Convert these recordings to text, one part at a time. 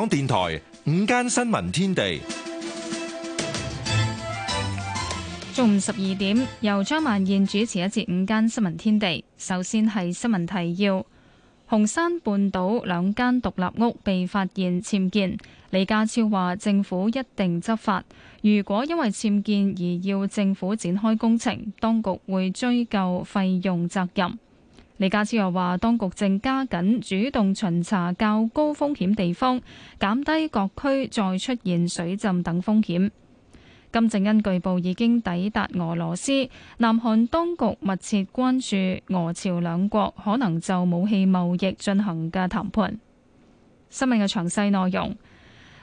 香港電台午間新聞天地，中午十二點由張曼燕主持一節午間新聞天地。首先係新聞提要：紅山半島兩間獨立屋被發現僭建，李家超話政府一定執法。如果因為僭建而要政府展開工程，當局會追究費用責任。李家超又話，當局正加緊主動巡查較高風險地方，減低各區再出現水浸等風險。金正恩據報已經抵達俄羅斯，南韓當局密切關注俄朝兩國可能就武器貿易進行嘅談判。新聞嘅詳細內容：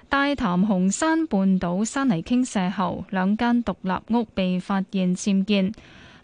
大潭紅山半島山泥傾瀉後，兩間獨立屋被發現僭建。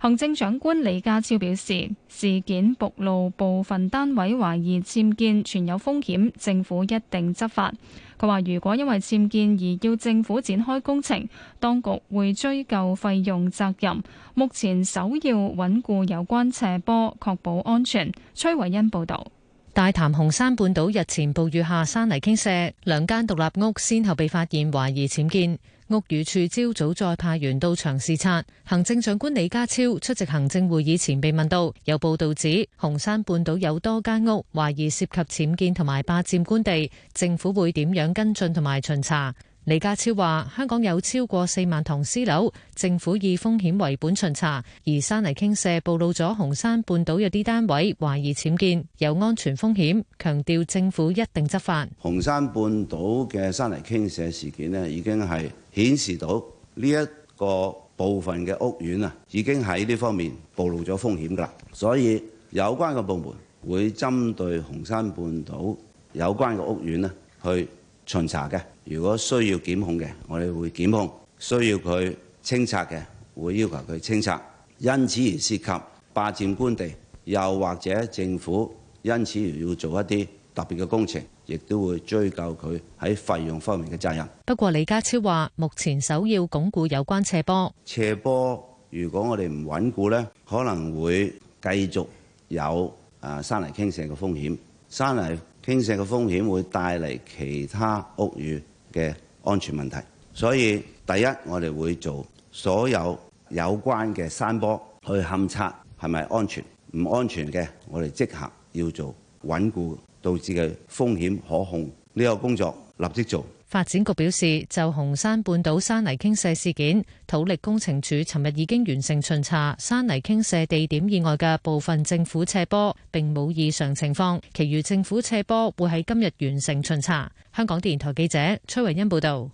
行政長官李家超表示，事件暴露部分單位懷疑僭建，存有風險，政府一定執法。佢話，如果因為僭建而要政府展開工程，當局會追究費用責任。目前首要穩固有關斜坡，確保安全。崔維恩報道，大潭紅山半島日前暴雨下山泥傾瀉，兩間獨立屋先後被發現懷疑僭建。屋宇署朝早再派員到場視察，行政長官李家超出席行政會議前被問到，有報道指紅山半島有多間屋懷疑涉及僭建同埋霸佔官地，政府會點樣跟進同埋巡查？李家超話：香港有超過四萬幢私樓，政府以風險為本巡查，而山泥傾瀉暴露咗紅山半島有啲單位懷疑僭建，有安全風險。強調政府一定執法。紅山半島嘅山泥傾瀉事件呢，已經係顯示到呢一個部分嘅屋苑啊，已經喺呢方面暴露咗風險噶啦。所以有關嘅部門會針對紅山半島有關嘅屋苑呢去。巡查嘅，如果需要檢控嘅，我哋會檢控；需要佢清拆嘅，會要求佢清拆。因此而涉及霸佔官地，又或者政府因此而要做一啲特別嘅工程，亦都會追究佢喺費用方面嘅責任。不過李家超話，目前首要鞏固有關斜坡。斜坡如果我哋唔穩固呢，可能會繼續有啊山泥傾瀉嘅風險。山泥傾斜嘅風險會帶嚟其他屋宇嘅安全問題，所以第一，我哋會做所有有關嘅山坡去勘測係咪安全，唔安全嘅我哋即刻要做穩固導致嘅風險可控。呢個工作立即做。發展局表示，就紅山半島山泥傾瀉事件，土力工程署尋日已經完成巡查，山泥傾瀉地點以外嘅部分政府斜坡並冇異常情況，其餘政府斜坡會喺今日完成巡查。香港電台記者崔維恩報道。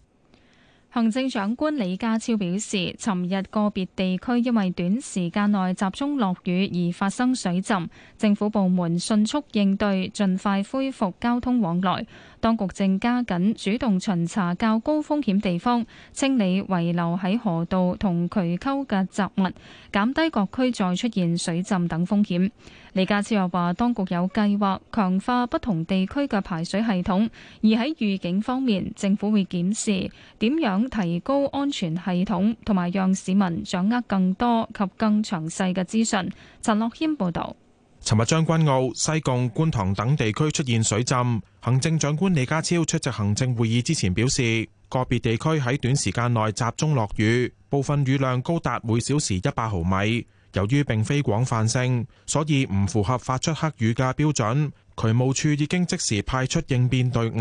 行政長官李家超表示，尋日個別地區因為短時間內集中落雨而發生水浸，政府部門迅速應對，盡快恢復交通往來。當局正加緊主動巡查較高風險地方，清理遺留喺河道同渠溝嘅雜物，減低各區再出現水浸等風險。李家超又話，當局有計劃強化不同地區嘅排水系統，而喺預警方面，政府會檢視點樣提高安全系統，同埋讓市民掌握更多及更詳細嘅資訊。陳樂軒報導。尋日將軍澳、西貢、觀塘等地區出現水浸，行政長官李家超出席行政會議之前表示，個別地區喺短時間內集中落雨，部分雨量高達每小時一百毫米。由於並非廣泛性，所以唔符合發出黑雨嘅標準。渠務處已經即時派出應變隊伍，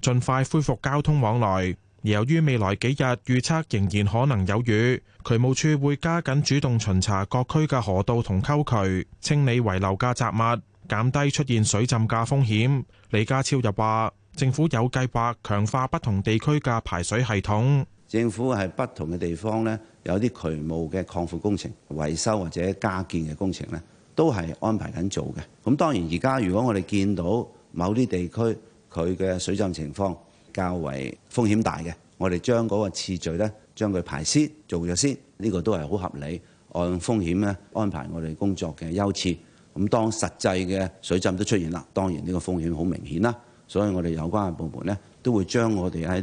盡快恢復交通往來。而由於未來幾日預測仍然可能有雨，渠務處會加緊主動巡查各區嘅河道同溝渠，清理遺留嘅雜物，減低出現水浸嘅風險。李家超又話：政府有計劃強化不同地區嘅排水系統。政府喺不同嘅地方呢。有啲渠務嘅抗腐工程、維修或者加建嘅工程咧，都係安排緊做嘅。咁當然而家如果我哋見到某啲地區佢嘅水浸情況較為風險大嘅，我哋將嗰個次序咧，將佢排先做咗先，呢個都係好合理，按風險咧安排我哋工作嘅優次。咁當實際嘅水浸都出現啦，當然呢個風險好明顯啦，所以我哋有關嘅部門咧都會將我哋喺啲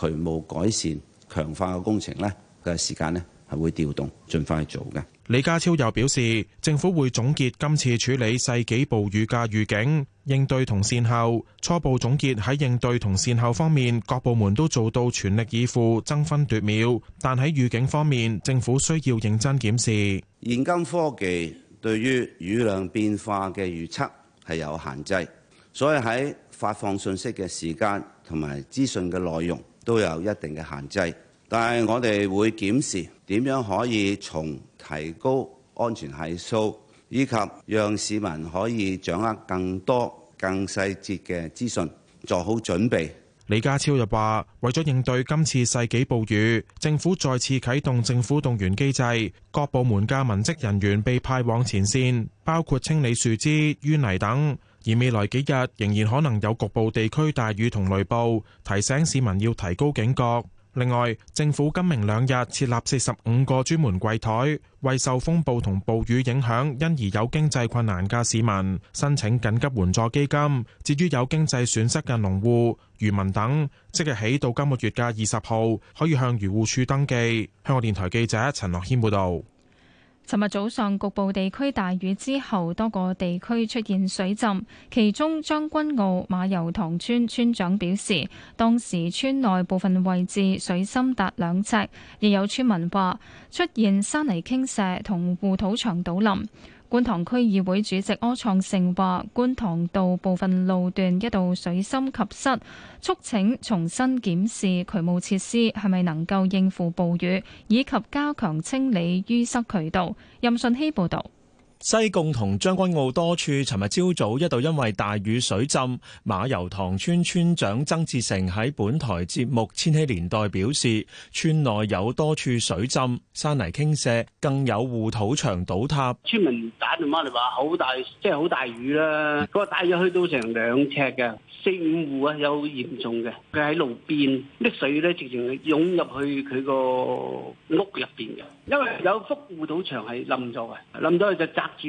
渠務改善強化嘅工程咧，嘅時間咧，係會調動，盡快做嘅。李家超又表示，政府會總結今次處理世紀暴雨嘅預警、應對同善後。初步總結喺應對同善後方面，各部門都做到全力以赴、爭分奪秒。但喺預警方面，政府需要認真檢視。現今科技對於雨量變化嘅預測係有限制，所以喺發放信息嘅時間同埋資訊嘅內容都有一定嘅限制。但係我哋會檢視點樣可以從提高安全係數，以及讓市民可以掌握更多更細節嘅資訊做好準備。李家超又話為咗應對今次世紀暴雨，政府再次啟動政府動員機制，各部門嘅文職人員被派往前線，包括清理樹枝淤泥等。而未來幾日仍然可能有局部地區大雨同雷暴，提醒市民要提高警覺。另外，政府今明兩日設立四十五個專門櫃枱，為受風暴同暴雨影響因而有經濟困難嘅市民申請緊急援助基金。至於有經濟損失嘅農戶、漁民等，即日起到今個月嘅二十號，可以向漁護署登記。香港電台記者陳樂軒報導。尋日早上局部地區大雨之後，多個地區出現水浸，其中將軍澳馬油塘村村長表示，當時村內部分位置水深達兩尺，亦有村民話出現山泥傾瀉同護土牆倒冧。觀塘區議會主席柯創盛話，觀塘道部分路段一度水深及膝，促請重新檢視渠務設施係咪能夠應付暴雨，以及加強清理淤塞渠道。任信希報道。西貢同將軍澳多處，尋日朝早一度因為大雨水浸，馬游塘村村長曾志成喺本台節目《千禧年代》表示，村內有多處水浸、山泥傾瀉，更有護土牆倒塌。村民打電話嚟話好大，即係好大雨啦。嗰個大雨去到成兩尺嘅，四五戶啊有嚴重嘅，佢喺路邊啲水咧，直情湧入去佢個屋入邊嘅。因為有幅護土牆係冧咗嘅，冧咗就砸住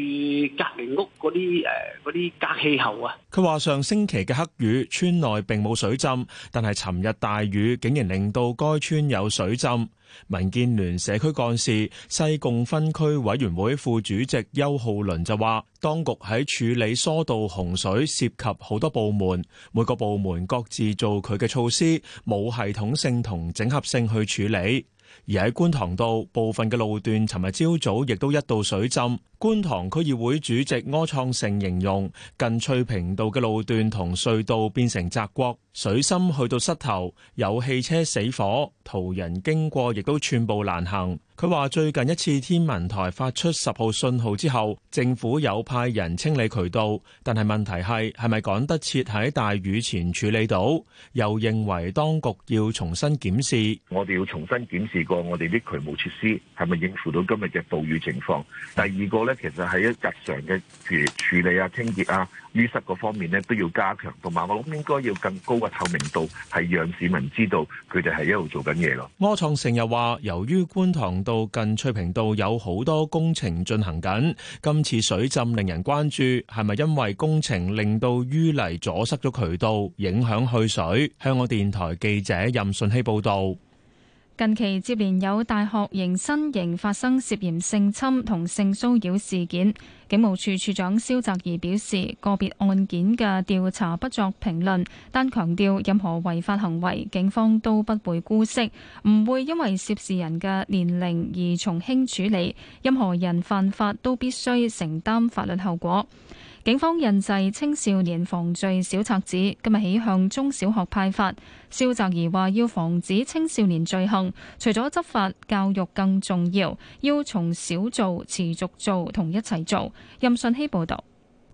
隔籬屋嗰啲，誒、嗰啲隔氣喉啊。佢話上星期嘅黑雨，村內並冇水浸，但係尋日大雨竟然令到該村有水浸。民建聯社區幹事、西貢分區委員會副主席邱浩倫就話，當局喺處理疏導洪水涉及好多部門，每個部門各自做佢嘅措施，冇系統性同整合性去處理。而喺觀塘道部分嘅路段，尋日朝早亦都一度水浸。觀塘區議會主席柯創盛形容，近翠屏道嘅路段同隧道變成澤國，水深去到膝頭，有汽車死火。途人經過亦都寸步難行。佢話最近一次天文台發出十號信號之後，政府有派人清理渠道，但係問題係係咪趕得切喺大雨前處理到？又認為當局要重新檢視。我哋要重新檢視過我哋啲渠務設施係咪應付到今日嘅暴雨情況。第二個呢，其實喺日常嘅處理啊、清潔啊、淤塞嗰方面呢，都要加強，同埋我諗應該要更高嘅透明度，係讓市民知道佢哋係一路做緊。柯創成又話，由於觀塘道近翠屏道有好多工程進行緊，今次水浸令人關注，係咪因為工程令到淤泥阻塞咗渠道，影響去水？香港電台記者任信希報道。近期接連有大學迎新營發生涉嫌性侵同性騷擾事件，警務處處長蕭澤頤表示，個別案件嘅調查不作評論，但強調任何違法行為，警方都不會姑息，唔會因為涉事人嘅年齡而從輕處理。任何人犯法都必須承擔法律後果。警方印製青少年防罪小冊子，今日起向中小學派發。蕭澤頤話：要防止青少年罪行，除咗執法，教育更重要，要從小做、持續做同一齊做。任順希報道。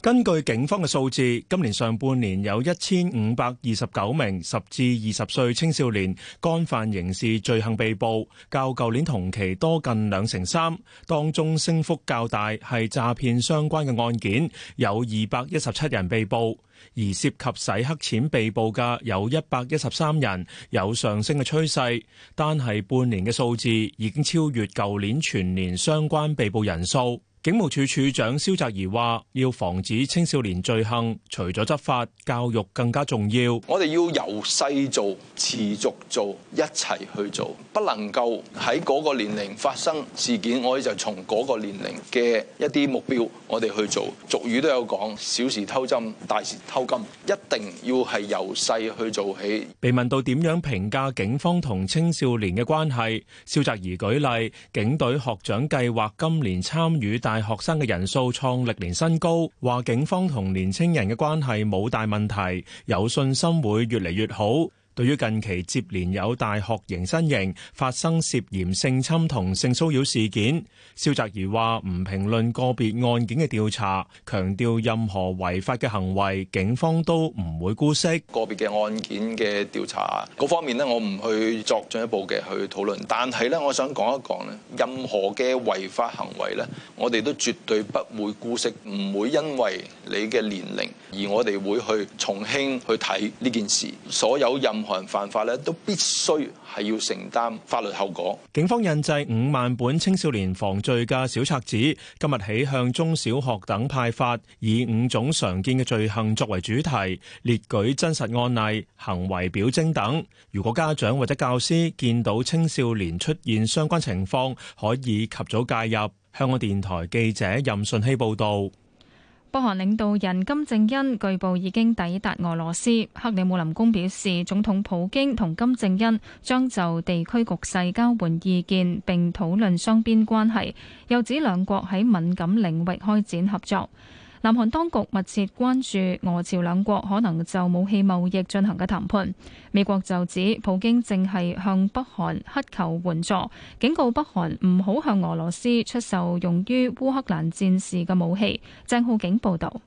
根據警方嘅數字，今年上半年有一千五百二十九名十至二十歲青少年干犯刑事罪行被捕，較舊年同期多近兩成三。當中升幅較大係詐騙相關嘅案件，有二百一十七人被捕，而涉及洗黑錢被捕嘅有一百一十三人，有上升嘅趨勢。單係半年嘅數字已經超越舊年全年相關被捕人數。警務處處長蕭澤頤話，要防止青少年罪行，除咗執法，教育更加重要。我哋要由細做，持續做，一齊去做，不能夠喺嗰個年齡發生事件，我哋就從嗰個年齡嘅一啲目標，我哋去做。俗語都有講，小時偷針，大時偷金，一定要係由細去做起。被問到點樣評價警方同青少年嘅關係，蕭澤頤舉例，警隊學長計劃今年參與大大學生嘅人數創歷年新高，話警方同年青人嘅關係冇大問題，有信心會越嚟越好。對於近期接連有大學迎新，發生涉嫌性侵同性騷擾事件，蕭澤頤話，唔評論個別案件的調查，強調任何違法的行為，警方都唔會犯法咧，都必須係要承擔法律後果。警方印製五萬本青少年防罪嘅小冊子，今日起向中小學等派發，以五種常見嘅罪行作為主題，列舉真實案例、行為表徵等。如果家長或者教師見到青少年出現相關情況，可以及早介入。香港電台記者任信希報導。北韓領導人金正恩據報已經抵達俄羅斯，克里姆林宮表示，總統普京同金正恩將就地區局勢交換意見並討論雙邊關係，又指兩國喺敏感領域開展合作。南韓當局密切關注俄朝兩國可能就武器貿易進行嘅談判。美國就指普京正喺向北韓乞求援助，警告北韓唔好向俄羅斯出售用於烏克蘭戰事嘅武器。鄭浩景報道。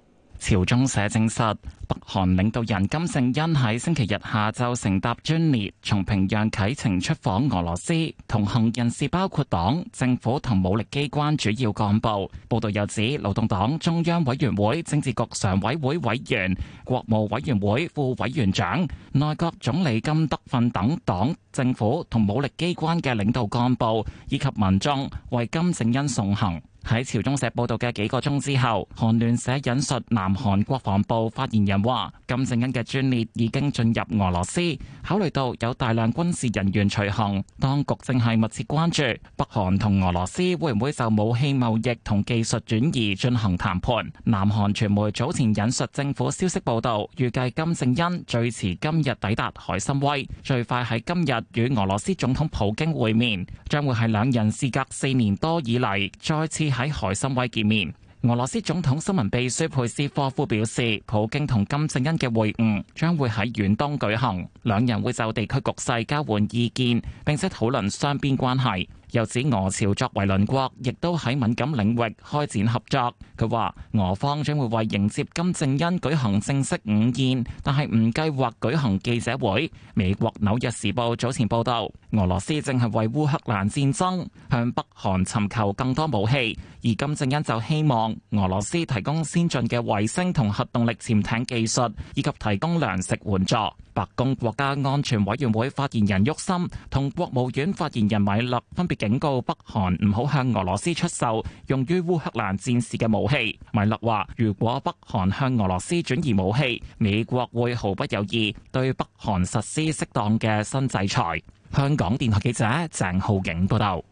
朝中社證實北韓領導人金正恩喺星期日下晝乘搭專列，從平壤啟程出訪俄羅斯，同行人士包括黨政府同武力機關主要幹部。報道又指，勞動黨中央委員會政治局常委會委員、國務委員會副委員長、內閣總理金德訓等黨政府同武力機關嘅領導幹部以及民眾為金正恩送行。喺朝中社報道嘅幾個鐘之後，韓聯社引述南韓國防部發言人話：金正恩嘅專列已經進入俄羅斯，考慮到有大量軍事人員隨行，當局正係密切關注北韓同俄羅斯會唔會就武器貿易同技術轉移進行談判。南韓傳媒早前引述政府消息報道，預計金正恩最遲今日抵達海參崴，最快喺今日與俄羅斯總統普京會面，將會係兩人事隔四年多以嚟再次。喺海參崴見面，俄羅斯總統新聞秘書佩斯科夫表示，普京同金正恩嘅會晤將會喺遠東舉行，兩人會就地區局勢交換意見，並且討論雙邊關係。又指俄朝作為鄰國，亦都喺敏感領域開展合作。佢話俄方將會為迎接金正恩舉行正式午宴，但係唔計劃舉行記者會，美國紐約時報早前報道俄羅斯正係為烏克蘭戰爭向北韓尋求更多武器，而金正恩就希望俄羅斯提供先進嘅衛星同核動力潛艇技術，以及提供糧食援助。白宮國家安全委員會發言人沃森同國務院發言人米勒分別警告北韓唔好向俄羅斯出售用於烏克蘭戰事嘅武器。米勒話，如果北韓向俄羅斯轉移武器，美國會毫不猶豫對北韓實施適當嘅新制裁。香港電台記者鄭浩景報道。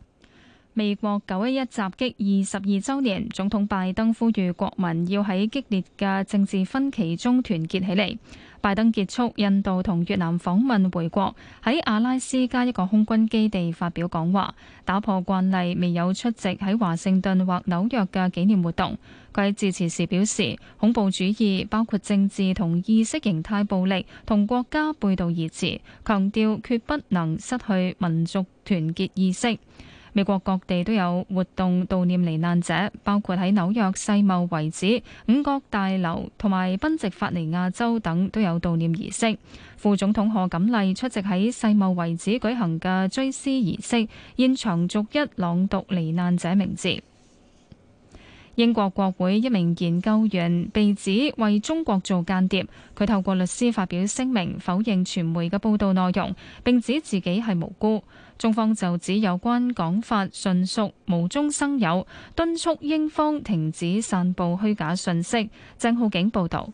美國九一一襲擊二十二周年，總統拜登呼籲國民要喺激烈嘅政治分歧中團結起嚟。拜登結束印度同越南訪問回國，喺阿拉斯加一個空軍基地發表講話，打破慣例未有出席喺華盛頓或紐約嘅紀念活動。佢喺致辭時表示，恐怖主義包括政治同意識形態暴力，同國家背道而馳，強調決不能失去民族團結意識。美國各地都有活動悼念罹難者，包括喺紐約世貿遺址、五角大樓同埋賓夕法尼亞州等都有悼念儀式。副總統賀錦麗出席喺世貿遺址舉行嘅追思儀式，現場逐一朗讀罹難者名字。英國國會一名研究員被指為中國做間諜，佢透過律師發表聲明否認傳媒嘅報道內容，並指自己係無辜。中方就指有關講法純屬無中生有，敦促英方停止散布虛假信息。鄭浩景報道。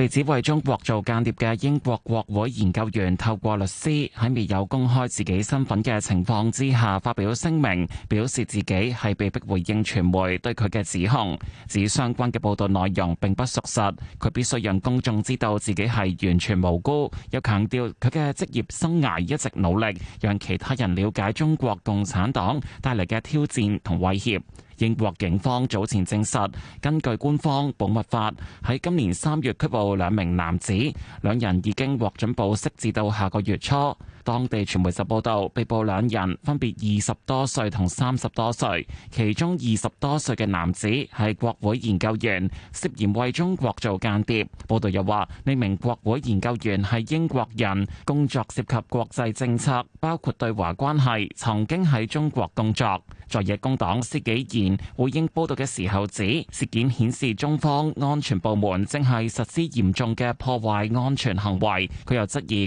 被指為中國做間諜嘅英國國會研究員，透過律師喺未有公開自己身份嘅情況之下發表聲明，表示自己係被逼回應傳媒對佢嘅指控，指相關嘅報道內容並不屬實，佢必須讓公眾知道自己係完全無辜，又強調佢嘅職業生涯一直努力讓其他人了解中國共產黨帶嚟嘅挑戰同威脅。英國警方早前證實，根據官方保密法，喺今年三月拘捕兩名男子，兩人已經獲准保釋至到下個月初。當地傳媒就報道，被捕兩人分別二十多歲同三十多歲，其中二十多歲嘅男子係國會研究員，涉嫌為中國做間諜。報道又話，呢名國會研究員係英國人，工作涉及國際政策，包括對華關係，曾經喺中國工作。在野工黨施紀賢回應報道嘅時候指，事件顯示中方安全部門正係實施嚴重嘅破壞安全行為。佢又質疑，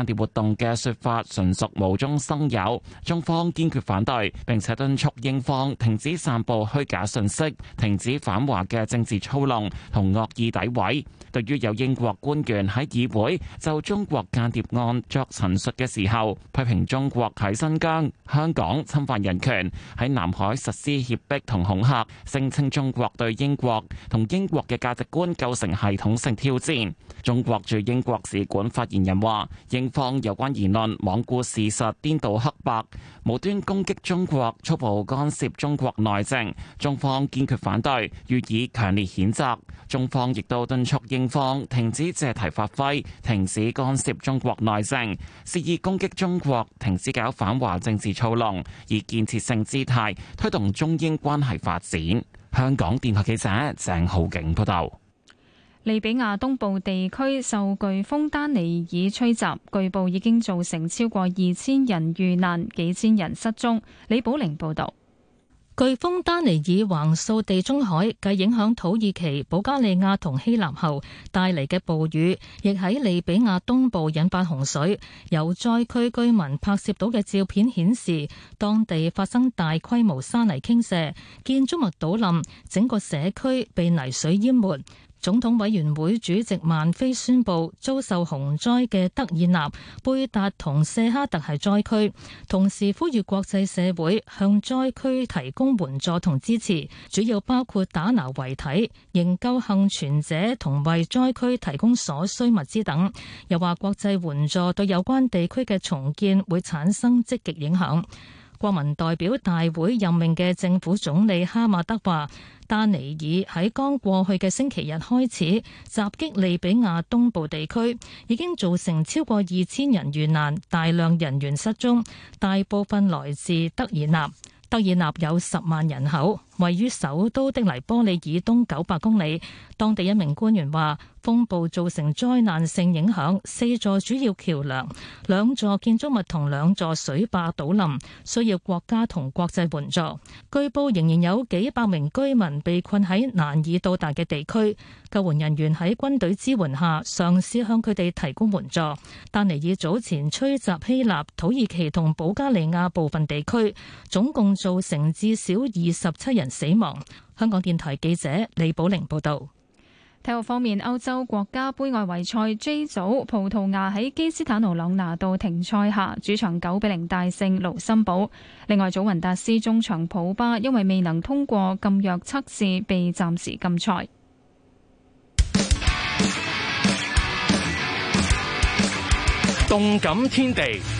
間諜活動嘅說法純屬無中生有，中方堅決反對，並且敦促英方停止散布虛假信息，停止反華嘅政治操弄同惡意詆毀。對於有英國官員喺議會就中國間諜案作陳述嘅時候，批評中國喺新疆、香港侵犯人權，喺南海實施脅迫同恐嚇，聲稱中國對英國同英國嘅價值觀構成系統性挑戰。中國駐英國使館發言人話：英方有關言論罔顧事實、顛倒黑白、無端攻擊中國、粗暴干涉中國內政，中方堅決反對，予以強烈譴責。中方亦都敦促英方停止借題發揮、停止干涉中國內政、肆意攻擊中國、停止搞反華政治操弄，以建設性姿態推動中英關係發展。香港電台記者鄭浩景報道。利比亞東部地區受颶風丹尼爾吹襲，據報已經造成超過二千人遇難，幾千人失蹤。李寶玲報導，颶風丹尼爾橫掃地中海，繼影響土耳其、保加利亞同希臘後，帶嚟嘅暴雨亦喺利比亞東部引發洪水。由災區居民拍攝到嘅照片顯示，當地發生大規模山泥傾瀉，建築物倒冧，整個社區被泥水淹沒。總統委員會主席萬飛宣布，遭受洪災嘅德爾納、貝達同舍哈特係災區，同時呼籲國際社會向災區提供援助同支持，主要包括打撈遺體、營救幸存者同為災區提供所需物資等。又話國際援助對有關地區嘅重建會產生積極影響。國民代表大會任命嘅政府總理哈馬德話。丹尼爾喺剛過去嘅星期日開始襲擊利比亞東部地區，已經造成超過二千人遇難，大量人員失蹤，大部分來自德爾納。德爾納有十萬人口。位於首都的黎波里以東九百公里，當地一名官員話，風暴造成災難性影響，四座主要橋梁、兩座建築物同兩座水壩倒冧，需要國家同國際援助。據報仍然有幾百名居民被困喺難以到達嘅地區，救援人員喺軍隊支援下嘗試向佢哋提供援助。丹尼爾早前吹襲希臘、土耳其同保加利亞部分地區，總共造成至少二十七人。死亡。香港電台記者李寶玲報道。體育方面，歐洲國家盃外圍賽 J 組，葡萄牙喺基斯坦奴朗拿度停賽下，主場九比零大勝盧森堡。另外，祖雲達斯中場普巴因為未能通過禁藥測試，被暫時禁賽。動感天地。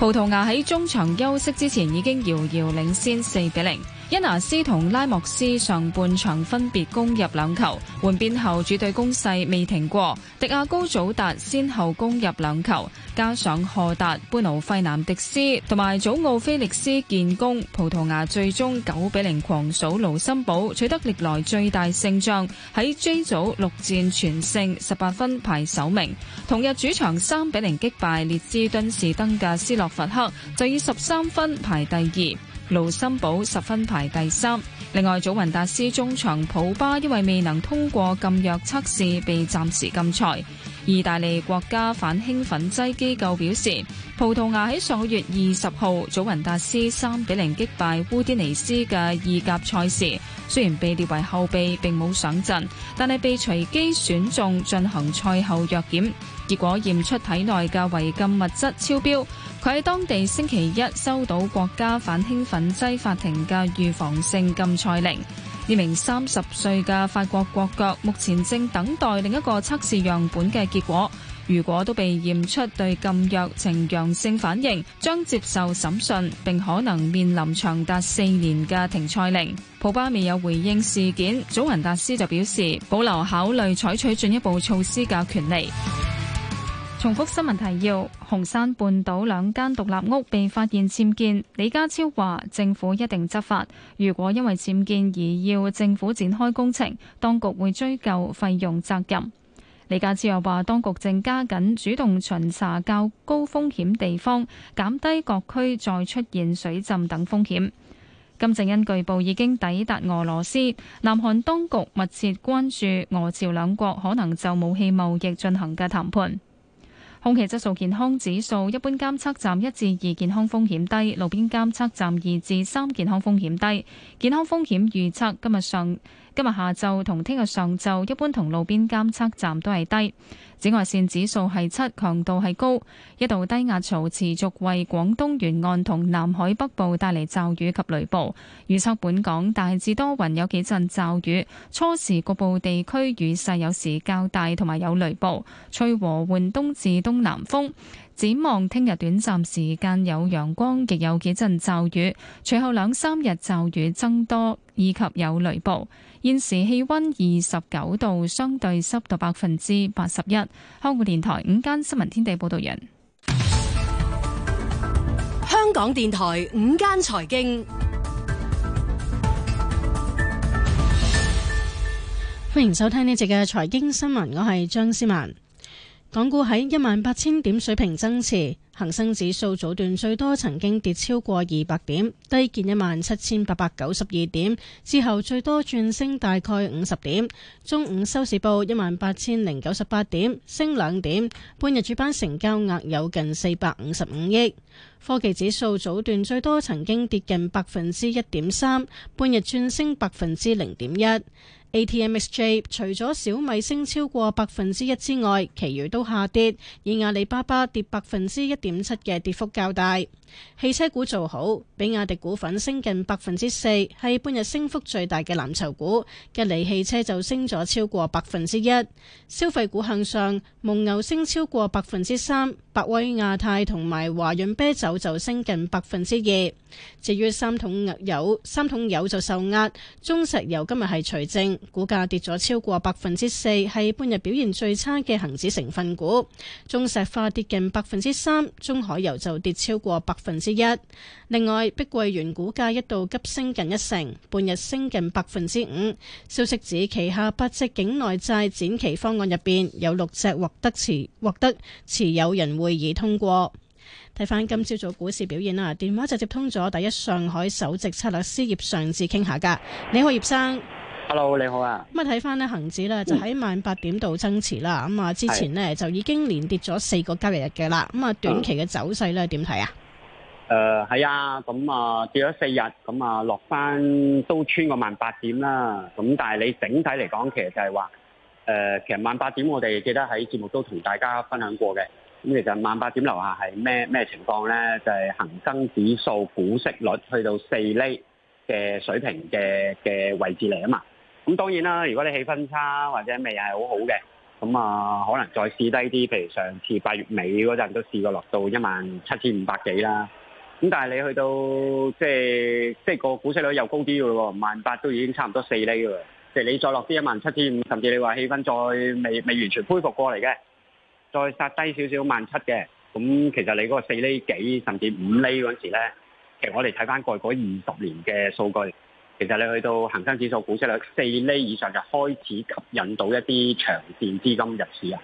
葡萄牙喺中場休息之前已經遙遙領先四比零。恩拿斯同拉莫斯上半場分別攻入兩球，換邊後主隊攻勢未停過，迪亞高祖達先後攻入兩球，加上赫達、般奴費南迪斯同埋祖奧菲利斯建功，葡萄牙最終九比零狂掃盧森堡，取得歷來最大勝仗。喺 J 組六戰全勝，十八分排首名。同日主場三比零擊敗列支敦士登嘅斯洛伐克，就以十三分排第二。盧森堡十分排第三。另外，祖雲達斯中場普巴因為未能通過禁藥測試，被暫時禁賽。意大利國家反興奮劑機構表示，葡萄牙喺上個月二十號祖雲達斯三比零擊敗烏迪尼斯嘅意甲賽事，雖然被列為後備並冇上陣，但係被隨機選中進行賽後藥檢，結果驗出體內嘅違禁物質超標。佢喺當地星期一收到國家反興奮劑法庭嘅預防性禁賽令。呢名三十歲嘅法國國腳，目前正等待另一個測試樣本嘅結果。如果都被驗出對禁藥呈陽性反應，將接受審訊，並可能面臨長達四年嘅停賽令。普巴未有回應事件，祖雲達斯就表示保留考慮採取進一步措施嘅權利。重複新聞提要：紅山半島兩間獨立屋被發現僭建，李家超話政府一定執法。如果因為僭建而要政府展開工程，當局會追究費用責任。李家超又話，當局正加緊主動巡查較高風險地方，減低各區再出現水浸等風險。金正恩據報已經抵達俄羅斯，南韓當局密切關注俄朝兩國可能就武器貿易進行嘅談判。空氣質素健康指數，一般監測站一至二健康風險低，路邊監測站二至三健康風險低。健康風險預測今日上。今日下晝同聽日上晝，一般同路邊監測站都係低。紫外線指數係七，強度係高。一道低壓槽持續為廣東沿岸同南海北部帶嚟驟雨及雷暴。預測本港大致多雲，有幾陣驟雨，初時局部地區雨勢有時較大，同埋有雷暴。吹和緩東至東南風。展望聽日短暫時間有陽光，亦有幾陣驟雨，隨後兩三日驟雨增多以及有雷暴。現時氣溫二十九度，相對濕度百分之八十一。香港電台午間新聞天地報道人，香港電台午間財經，歡迎收聽呢集嘅財經新聞，我係張思曼。港股喺一萬八千點水平增持。恒生指數早段最多曾經跌超過二百點，低見一萬七千八百九十二點，之後最多轉升大概五十點。中午收市報一萬八千零九十八點，升兩點。半日主板成交額有近四百五十五億。科技指數早段最多曾經跌近百分之一點三，半日轉升百分之零點一。ATMXJ 除咗小米升超過百分之一之外，其餘都下跌，以阿里巴巴跌百分之一點五七嘅跌幅較大。汽車股做好，比亞迪股份升近百分之四，係半日升幅最大嘅藍籌股。吉利汽車就升咗超過百分之一。消費股向上，蒙牛升超過百分之三，百威亞太同埋華潤啤酒就升近百分之二。至於三桶油，三桶油就受壓，中石油今日係除正，股價跌咗超過百分之四，係半日表現最差嘅恒指成分股。中石化跌近百分之三，中海油就跌超過百。分之一。另外，碧桂園股價一度急升近一成，半日升近百分之五。消息指旗下八隻境內債展期方案入邊有六隻獲得持獲得持有人會議通過。睇返今朝早股市表現啦，電話就接通咗第一上海首席策略師葉尚志傾下偈。你好，葉生。Hello，你好啊。咁啊，睇返咧恒指呢，就喺萬八點度爭持啦。咁、嗯、啊，之前呢，就已經連跌咗四個交易日嘅啦。咁啊，短期嘅走勢呢，點睇啊？誒、呃、係啊，咁啊跌咗四日，咁啊落翻都穿過萬八點啦。咁但係你整體嚟講，其實就係話誒，其實萬八點我哋記得喺節目都同大家分享過嘅。咁其實萬八點樓下係咩咩情況咧？就係、是、恒生指數股息率去到四厘嘅水平嘅嘅位置嚟啊嘛。咁當然啦，如果你氣氛差或者未係好好嘅，咁啊可能再試低啲。譬如上次八月尾嗰陣都試過落到一萬七千五百幾啦。咁但係你去到即係即係個股息率又高啲嘅喎，萬八都已經差唔多四厘嘅喎，即係你再落啲一萬七千五，甚至你話氣氛再未未完全恢復過嚟嘅，再殺低少少萬七嘅，咁其實你嗰個四厘幾甚至五厘嗰陣時咧，其實我哋睇翻過去嗰二十年嘅數據，其實你去到恒生指數股息率四厘以上就開始吸引到一啲長線資金入市啊，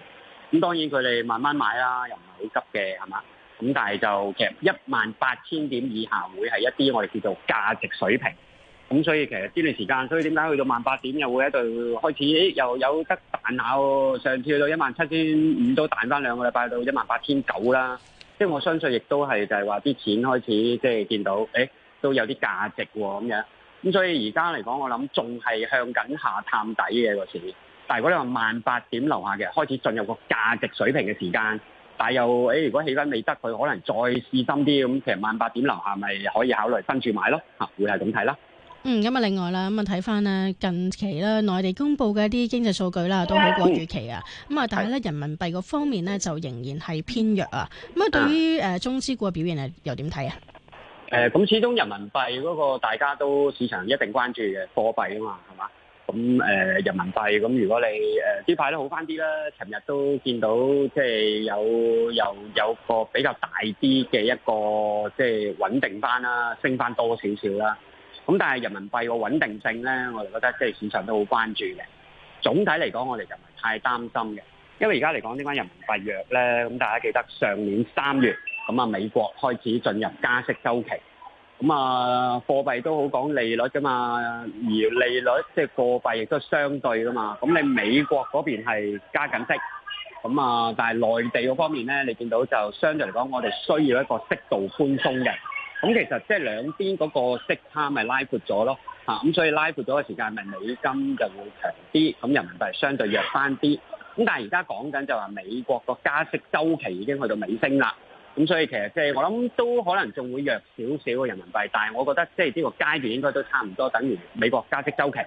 咁當然佢哋慢慢買啦，又唔係好急嘅，係嘛？咁但係就其實一萬八千點以下會係一啲我哋叫做價值水平，咁所以其實呢段時間，所以點解去到萬八點又會喺度開始、哎、又有得彈下喎？上次去到一萬七千五都彈翻兩個禮拜到一萬八千九啦，即係我相信亦都係就係話啲錢開始即係見到誒、哎、都有啲價值喎、啊、咁樣，咁所以而家嚟講我諗仲係向緊下探底嘅、個市，但係如果你話萬八點樓下嘅開始進入個價值水平嘅時間。但又，誒、欸，如果企穩未得，佢可能再試深啲咁。其實萬八點樓下咪可以考慮分注買咯，嚇，會係咁睇啦。嗯，咁啊，另外啦，咁啊，睇返咧近期啦，內地公布嘅一啲經濟數據啦，都好過預期啊。咁、嗯、啊，但係咧人民幣嗰方面咧，就仍然係偏弱啊。咁、嗯、啊，對於誒中資股嘅表現係又點睇啊？誒、嗯，咁始終人民幣嗰個大家都市場一定關注嘅貨幣啊嘛，係嘛？咁誒、呃、人民幣咁，如果你誒呢排都好翻啲啦，尋日都見到即係、就是、有又有，有個比較大啲嘅一個即係、就是、穩定翻啦，升翻多少少啦。咁但係人民幣個穩定性咧，我哋覺得即係市場都好關注嘅。總體嚟講，我哋就唔太擔心嘅，因為而家嚟講呢間人民幣弱咧。咁大家記得上年三月，咁啊美國開始進入加息週期。咁啊，貨幣都好講利率㗎嘛，而利率即係貨幣亦都相對㗎嘛。咁你美國嗰邊係加緊息，咁啊，但係內地嗰方面咧，你見到就相對嚟講，我哋需要一個適度寬鬆嘅。咁其實即係兩邊嗰個息差咪拉闊咗咯，吓，咁所以拉闊咗嘅時間咪美金就會強啲，咁人民幣相對弱翻啲。咁但係而家講緊就話美國個加息周期已經去到尾聲啦。咁所以其實即係我諗都可能仲會弱少少嘅人民幣，但係我覺得即係呢個階段應該都差唔多，等於美國加息周期。誒、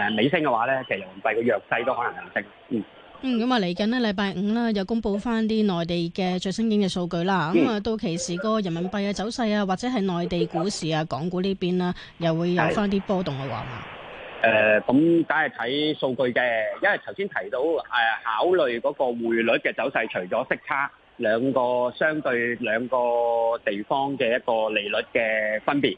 呃、美升嘅話咧，其實人民幣嘅弱勢都可能上升。嗯。嗯，咁啊嚟緊咧，禮拜五咧又公布翻啲內地嘅最新嘅數據啦。咁、嗯、啊，到其時個人民幣嘅走勢啊，或者係內地股市啊、港股呢邊啦、啊，又會有翻啲波動嘅話。誒，咁梗係睇數據嘅，因為頭先提到誒、呃、考慮嗰個匯率嘅走勢，除咗息差，兩個相對兩個地方嘅一個利率嘅分別，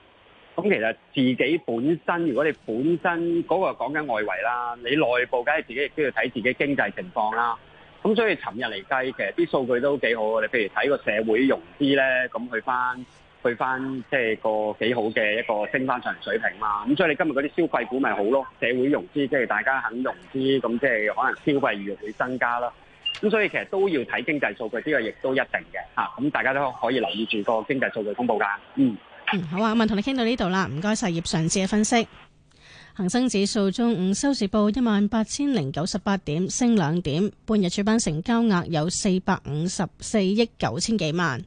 咁其實自己本身，如果你本身嗰個講緊外圍啦，你內部梗係自己亦都要睇自己經濟情況啦。咁所以尋日嚟計，其實啲數據都幾好。你譬如睇個社會融資咧，咁去翻去翻即係個幾好嘅一個升翻上水平啦。咁所以你今日嗰啲消費股咪好咯？社會融資即係大家肯融資，咁即係可能消費慾會增加啦。咁所以其實都要睇經濟數據，呢、這個亦都一定嘅吓。咁、啊、大家都可以留意住個經濟數據公布噶。嗯，嗯，好啊，咁同你傾到呢度啦。唔該，葉尚志嘅分析。恒生指數中午收市報一萬八千零九十八點，升兩點。半日主板成交額有四百五十四億九千幾萬。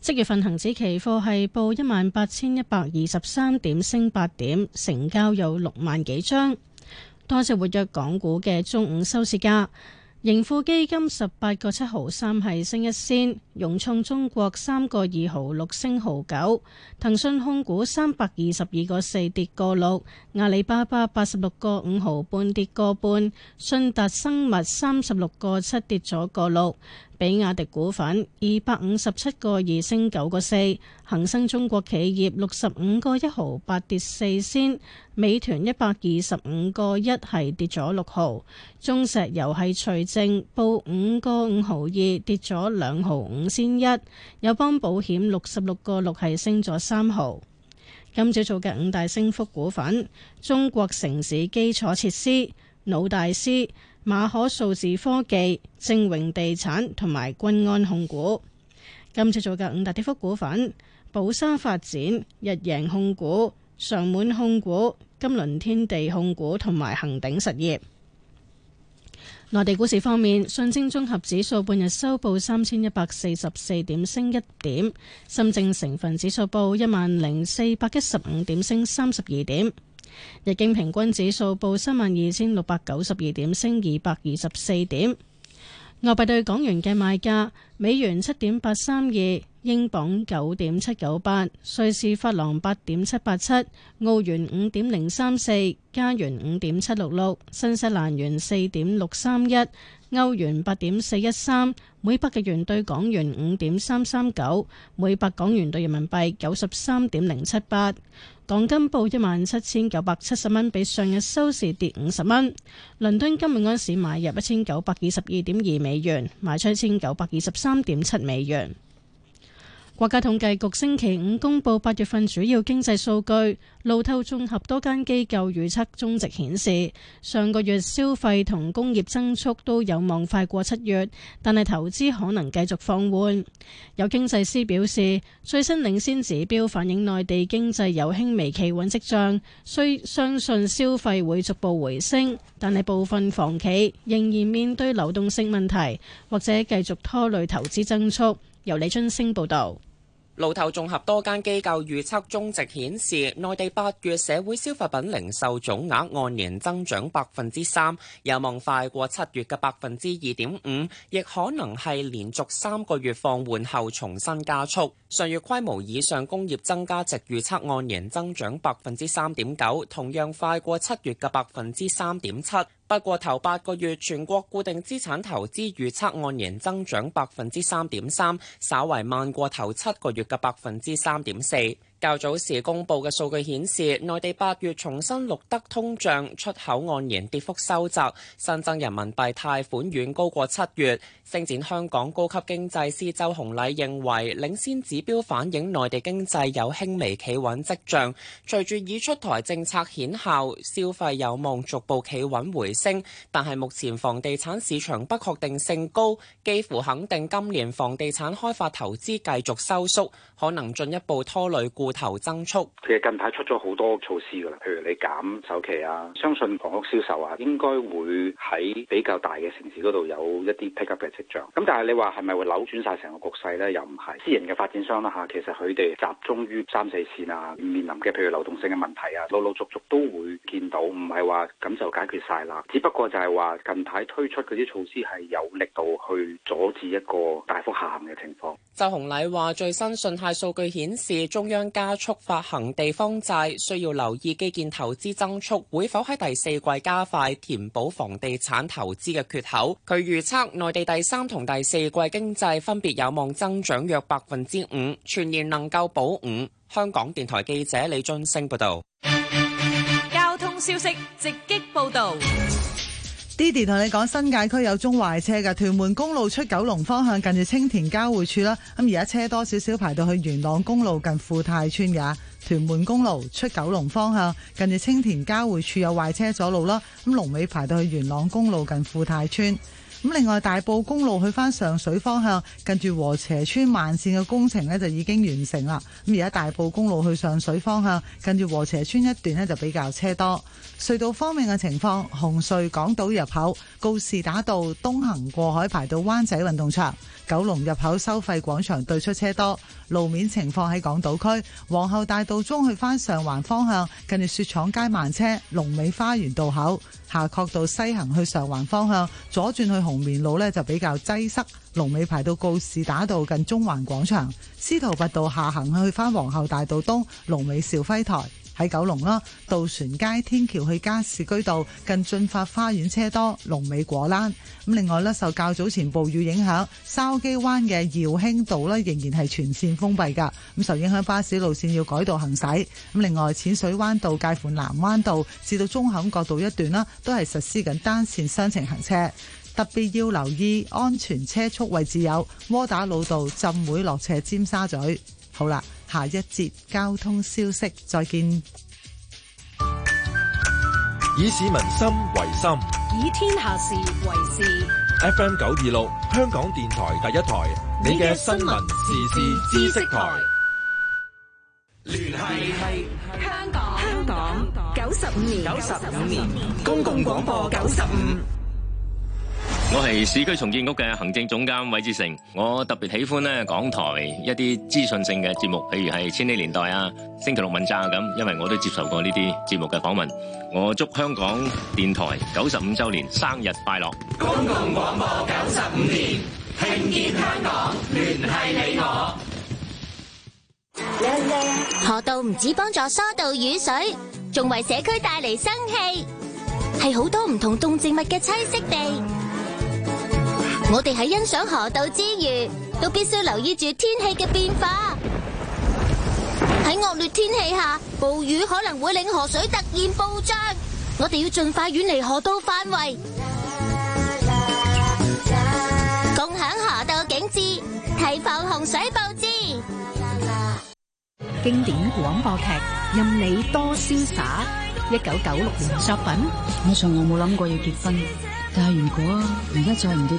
即月份恒指期貨係報一萬八千一百二十三點，升八點，成交有六萬幾張。多隻活躍港股嘅中午收市價。盈富基金十八個七毫三係升一仙，融創中國三個二毫六升毫九，騰訊控股三百二十二個四跌個六，阿里巴巴八十六個五毫半跌個半，信達生物三十六個七跌咗個六。比亞迪股份二百五十七個二升九個四，恒生中國企業六十五個一毫八跌四仙，美團一百二十五個一係跌咗六毫，中石油係隨正報五個五毫二跌咗兩毫五仙一，友邦保險六十六個六係升咗三毫。今朝做嘅五大升幅股份：中國城市基礎設施、腦大師。馬可數字科技、正榮地產同埋君安控股，今次做嘅五大跌幅股，股份：寶山發展、日盈控股、上滿控股、金輪天地控股同埋恒鼎實業。內地股市方面，上證綜合指數半日收報三千一百四十四點，升一點；深證成分指數報一萬零四百一十五點，升三十二點。日經平均指數報三萬二千六百九十二點，升二百二十四點。外幣對港元嘅賣價：美元七點八三二，英鎊九點七九八，瑞士法郎八點七八七，澳元五點零三四，加元五點七六六，新西蘭元四點六三一，歐元八點四一三，每百日元對港元五點三三九，每百港元對人民幣九十三點零七八。港金報一萬七千九百七十蚊，比上日收市跌五十蚊。倫敦金每盎司買入一千九百二十二點二美元，賣出一千九百二十三點七美元。國家統計局星期五公布八月份主要經濟數據，路透綜合多間機構預測，中值顯示上個月消費同工業增速都有望快過七月，但係投資可能繼續放緩。有經濟師表示，最新領先指標反映內地經濟有輕微企穩迹象，雖相信消費會逐步回升，但係部分房企仍然面對流動性問題，或者繼續拖累投資增速。由李津升報道。路透綜合多間機構預測，中值顯示，內地八月社會消費品零售總額按年增長百分之三，有望快過七月嘅百分之二點五，亦可能係連續三個月放緩後重新加速。上月規模以上工業增加值預測按年增長百分之三點九，同樣快過七月嘅百分之三點七。不過，頭八個月全國固定資產投資預測按年增長百分之三點三，稍為慢過頭七個月嘅百分之三點四。較早時公布嘅數據顯示，內地八月重新錄得通脹，出口按年跌幅收窄，新增人民幣貸款遠高過七月。星展香港高級經濟師周紅禮認為，領先指標反映內地經濟有輕微企穩跡象，隨住已出台政策顯效，消費有望逐步企穩回升。但係目前房地產市場不確定性高，幾乎肯定今年房地產開發投資繼續收縮，可能進一步拖累固。頭增速，其實近排出咗好多措施噶啦，譬如你減首期啊，相信房屋銷售啊，應該會喺比較大嘅城市嗰度有一啲 pick up 嘅跡象。咁但係你話係咪會扭轉晒成個局勢呢？又唔係。私人嘅發展商啦、啊、吓，其實佢哋集中於三四線啊，面臨嘅譬如流動性嘅問題啊，陸陸續續都會見到，唔係話咁就解決晒啦。只不過就係話近排推出嗰啲措施係有力度去阻止一個大幅下行嘅情況。周紅禮話：最新信貸數據顯示，中央加加速發行地方債，需要留意基建投資增速會否喺第四季加快填補房地產投資嘅缺口？佢預測內地第三同第四季經濟分別有望增長約百分之五，全年能夠保五。香港電台記者李津星報道。交通消息直擊報導。Didi 同你講，新界區有中壞車噶，屯門公路出九龍方向，近住青田交匯處啦。咁而家車多少少，排到去元朗公路近富泰村噶。屯門公路出九龍方向，近住青田交匯處有壞車阻路啦。咁龍尾排到去元朗公路近富泰村。咁另外大埔公路去翻上水方向，近住禾輋村慢綫嘅工程呢就已經完成啦。咁而家大埔公路去上水方向，近住禾輋村一段呢就比較車多。隧道方面嘅情況，紅隧港島入口，告士打道東行過海排到灣仔運動場。九龍入口收費廣場對出車多，路面情況喺港島區皇后大道中去返上環方向，近住雪廠街慢車，龍尾花園道口下坡道西行去上環方向，左轉去紅棉路呢就比較擠塞，龍尾排到告士打道近中環廣場，司徒拔道下行去翻皇后大道東，龍尾兆輝台。喺九龍啦，渡船街天橋去加士居道近駿發花園車多，龍尾果欄。咁另外呢，受較早前暴雨影響，筲箕灣嘅耀興道呢仍然係全線封閉噶。咁受影響巴士路線要改道行駛。咁另外，淺水灣道介乎南灣道至到舂坎角道一段呢都係實施緊單線雙程行車。特別要留意安全車速位置有窩打老道浸會落斜尖沙咀。好啦。下一節，交通消息，再見！以市民心為心，我係市區重建局嘅行政總監韋志成，我特別喜歡呢港台一啲資訊性嘅節目，譬如係《千禧年代》啊、《星期六問責》咁，因為我都接受過呢啲節目嘅訪問。我祝香港電台九十五周年生日快樂！公共廣播九十五年，聽見香港，聯繫你我。河道唔止幫助疏導雨水，仲為社區帶嚟生氣，係好多唔同動植物嘅棲息地。我哋喺欣賞河道之餘，都必須留意住天氣嘅變化。喺惡劣天氣下，暴雨可能會令河水突然暴漲。我哋要盡快遠離河道範圍。導物